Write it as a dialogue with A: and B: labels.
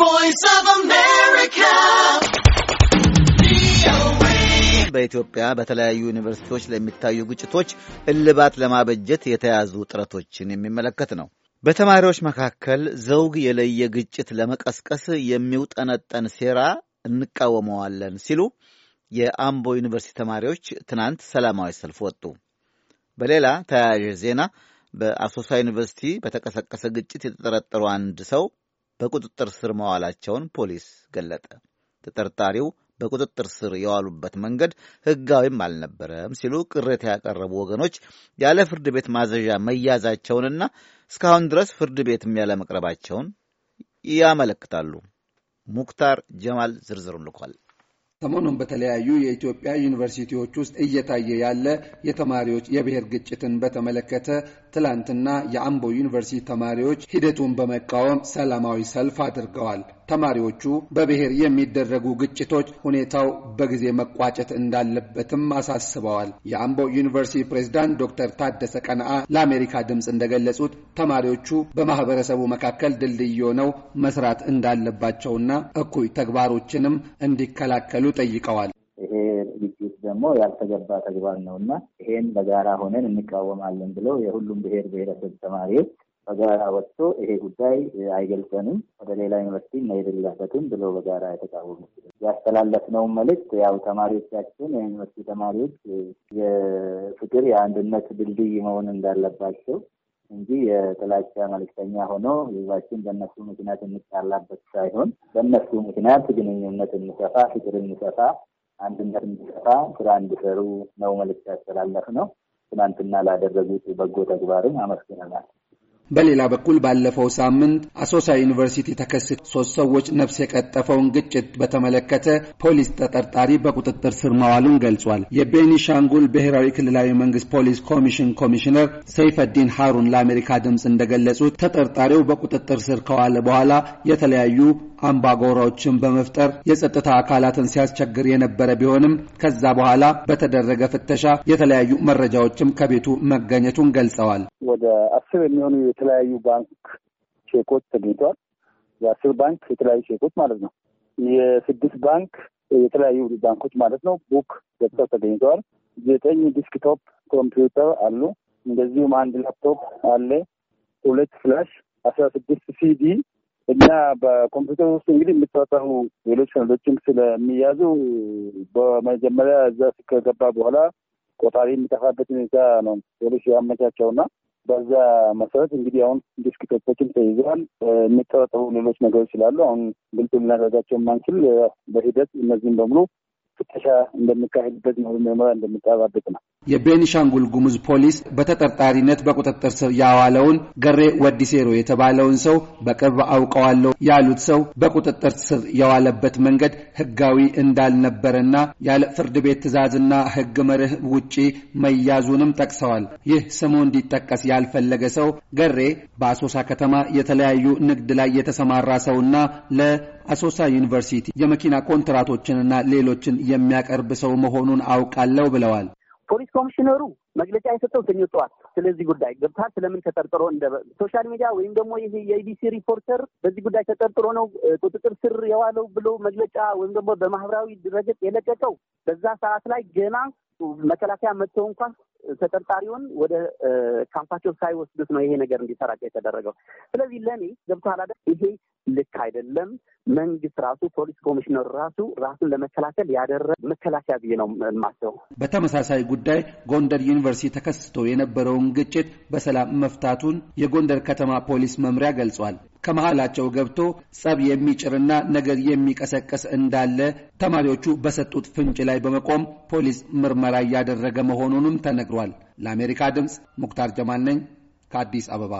A: voice በኢትዮጵያ በተለያዩ ዩኒቨርሲቲዎች ለሚታዩ ግጭቶች እልባት ለማበጀት የተያዙ ጥረቶችን የሚመለከት ነው። በተማሪዎች መካከል ዘውግ የለየ ግጭት ለመቀስቀስ የሚውጠነጠን ሴራ እንቃወመዋለን ሲሉ የአምቦ ዩኒቨርሲቲ ተማሪዎች ትናንት ሰላማዊ ሰልፍ ወጡ። በሌላ ተያያዥ ዜና በአሶሳ ዩኒቨርሲቲ በተቀሰቀሰ ግጭት የተጠረጠሩ አንድ ሰው በቁጥጥር ስር መዋላቸውን ፖሊስ ገለጠ። ተጠርጣሪው በቁጥጥር ስር የዋሉበት መንገድ ሕጋዊም አልነበረም ሲሉ ቅሬታ ያቀረቡ ወገኖች ያለ ፍርድ ቤት ማዘዣ መያዛቸውንና እስካሁን ድረስ ፍርድ ቤትም መቅረባቸውን ያመለክታሉ። ሙክታር ጀማል ዝርዝሩን ልኳል። ሰሞኑን በተለያዩ የኢትዮጵያ
B: ዩኒቨርሲቲዎች ውስጥ እየታየ ያለ የተማሪዎች የብሔር ግጭትን በተመለከተ ትላንትና የአምቦ ዩኒቨርሲቲ ተማሪዎች ሂደቱን በመቃወም ሰላማዊ ሰልፍ አድርገዋል። ተማሪዎቹ በብሔር የሚደረጉ ግጭቶች ሁኔታው በጊዜ መቋጨት እንዳለበትም አሳስበዋል። የአምቦ ዩኒቨርሲቲ ፕሬዝዳንት ዶክተር ታደሰ ቀንአ ለአሜሪካ ድምፅ እንደገለጹት ተማሪዎቹ በማህበረሰቡ መካከል ድልድይ የሆነው መስራት እንዳለባቸውና እኩይ ተግባሮችንም እንዲከላከሉ ጠይቀዋል። ደግሞ ያልተገባ ተግባር ነው እና ይሄን በጋራ ሆነን እንቃወማለን ብለው የሁሉም
C: ብሔር ብሔረሰብ ተማሪዎች በጋራ ወጥቶ ይሄ ጉዳይ አይገልጸንም፣ ወደ ሌላ ዩኒቨርሲቲ መሄድ የለበትም ብሎ በጋራ የተቃወሙ ያስተላለፍነውን መልእክት ያው ተማሪዎቻችን የዩኒቨርሲቲ ተማሪዎች የፍቅር የአንድነት ድልድይ መሆን እንዳለባቸው እንጂ የጥላቻ መልክተኛ ሆኖ ህዝባችን በእነሱ ምክንያት የሚጣላበት ሳይሆን በእነሱ ምክንያት ግንኙነት እንሰፋ፣ ፍቅር እንሰፋ፣ አንድነት እንሰፋ፣ ስራ እንዲሰሩ ነው መልእክት ያስተላለፍ ነው። ትናንትና ላደረጉት በጎ ተግባርም
B: አመስግነናል። በሌላ በኩል ባለፈው ሳምንት አሶሳ ዩኒቨርሲቲ ተከስቶ ሶስት ሰዎች ነፍስ የቀጠፈውን ግጭት በተመለከተ ፖሊስ ተጠርጣሪ በቁጥጥር ስር መዋሉን ገልጿል። የቤኒሻንጉል ብሔራዊ ክልላዊ መንግስት ፖሊስ ኮሚሽን ኮሚሽነር ሰይፈዲን ሃሩን ለአሜሪካ ድምፅ እንደገለጹት ተጠርጣሪው በቁጥጥር ስር ከዋለ በኋላ የተለያዩ አምባጓሮዎችን በመፍጠር የጸጥታ አካላትን ሲያስቸግር የነበረ ቢሆንም ከዛ በኋላ በተደረገ ፍተሻ የተለያዩ መረጃዎችም ከቤቱ መገኘቱን ገልጸዋል።
D: ወደ አስር የሚሆኑ የተለያዩ ባንክ ቼኮች ተገኝተዋል። የአስር ባንክ የተለያዩ ቼኮች ማለት ነው። የስድስት ባንክ የተለያዩ ባንኮች ማለት ነው ቡክ ገብተው ተገኝተዋል። ዘጠኝ ዲስክቶፕ ኮምፒውተር አሉ። እንደዚሁም አንድ ላፕቶፕ አለ። ሁለት ፍላሽ፣ አስራ ስድስት ሲዲ እና በኮምፒውተር ውስጥ እንግዲህ የሚጠረጠሩ ሌሎች ሰነዶችም ስለሚያዙ በመጀመሪያ እዛ ከገባ በኋላ ቆጣሪ የሚጠፋበት ሁኔታ ነው ፖሊስ ያመቻቸውና በዛ መሰረት እንግዲህ አሁን ዲስክ ተይዘዋል። የሚጠረጠሩ ሌሎች ነገሮች ስላሉ አሁን ግልጽ ልናደርጋቸው የማንችል በሂደት እነዚህም በሙሉ ፍተሻ እንደሚካሄድበት ነው ምርመራ እንደሚጠባበቅ ነው።
B: የቤኒሻንጉል ጉሙዝ ፖሊስ በተጠርጣሪነት በቁጥጥር ስር ያዋለውን ገሬ ወዲሴሮ የተባለውን ሰው በቅርብ አውቀዋለሁ ያሉት ሰው በቁጥጥር ስር የዋለበት መንገድ ሕጋዊ እንዳልነበረና ያለ ፍርድ ቤት ትዕዛዝና ሕግ መርህ ውጪ መያዙንም ጠቅሰዋል። ይህ ስሙ እንዲጠቀስ ያልፈለገ ሰው ገሬ በአሶሳ ከተማ የተለያዩ ንግድ ላይ የተሰማራ ሰውና ለ አሶሳ ዩኒቨርሲቲ የመኪና ኮንትራቶችንና ሌሎችን የሚያቀርብ ሰው መሆኑን አውቃለሁ ብለዋል።
C: ፖሊስ ኮሚሽነሩ መግለጫ የሰጠው ሰኞ ጠዋት ስለዚህ ጉዳይ ገብታል። ስለምን ተጠርጥሮ እንደ ሶሻል ሚዲያ ወይም ደግሞ ይህ የኢቢሲ ሪፖርተር በዚህ ጉዳይ ተጠርጥሮ ነው ቁጥጥር ስር የዋለው ብሎ መግለጫ ወይም ደግሞ በማህበራዊ ድረገጽ የለቀቀው በዛ ሰዓት ላይ ገና መከላከያ መጥተው እንኳን ተጠርጣሪውን ወደ ካምፓቸው ሳይወስዱት ነው ይሄ ነገር እንዲሰራጭ የተደረገው። ስለዚህ ለእኔ ገብቶሃል አይደል ይሄ ልክ አይደለም። መንግስት ራሱ ፖሊስ ኮሚሽነሩ ራሱ ራሱን ለመከላከል ያደረገ መከላከያ ብዬ ነው
B: የማስበው። በተመሳሳይ ጉዳይ ጎንደር ዩኒቨርሲቲ ተከስቶ የነበረውን ግጭት በሰላም መፍታቱን የጎንደር ከተማ ፖሊስ መምሪያ ገልጿል። ከመሃላቸው ገብቶ ጸብ የሚጭርና ነገር የሚቀሰቀስ እንዳለ ተማሪዎቹ በሰጡት ፍንጭ ላይ በመቆም ፖሊስ ምርመራ እያደረገ መሆኑንም ተነግሯል። ለአሜሪካ ድምፅ ሙክታር ጀማል ነኝ ከአዲስ አበባ።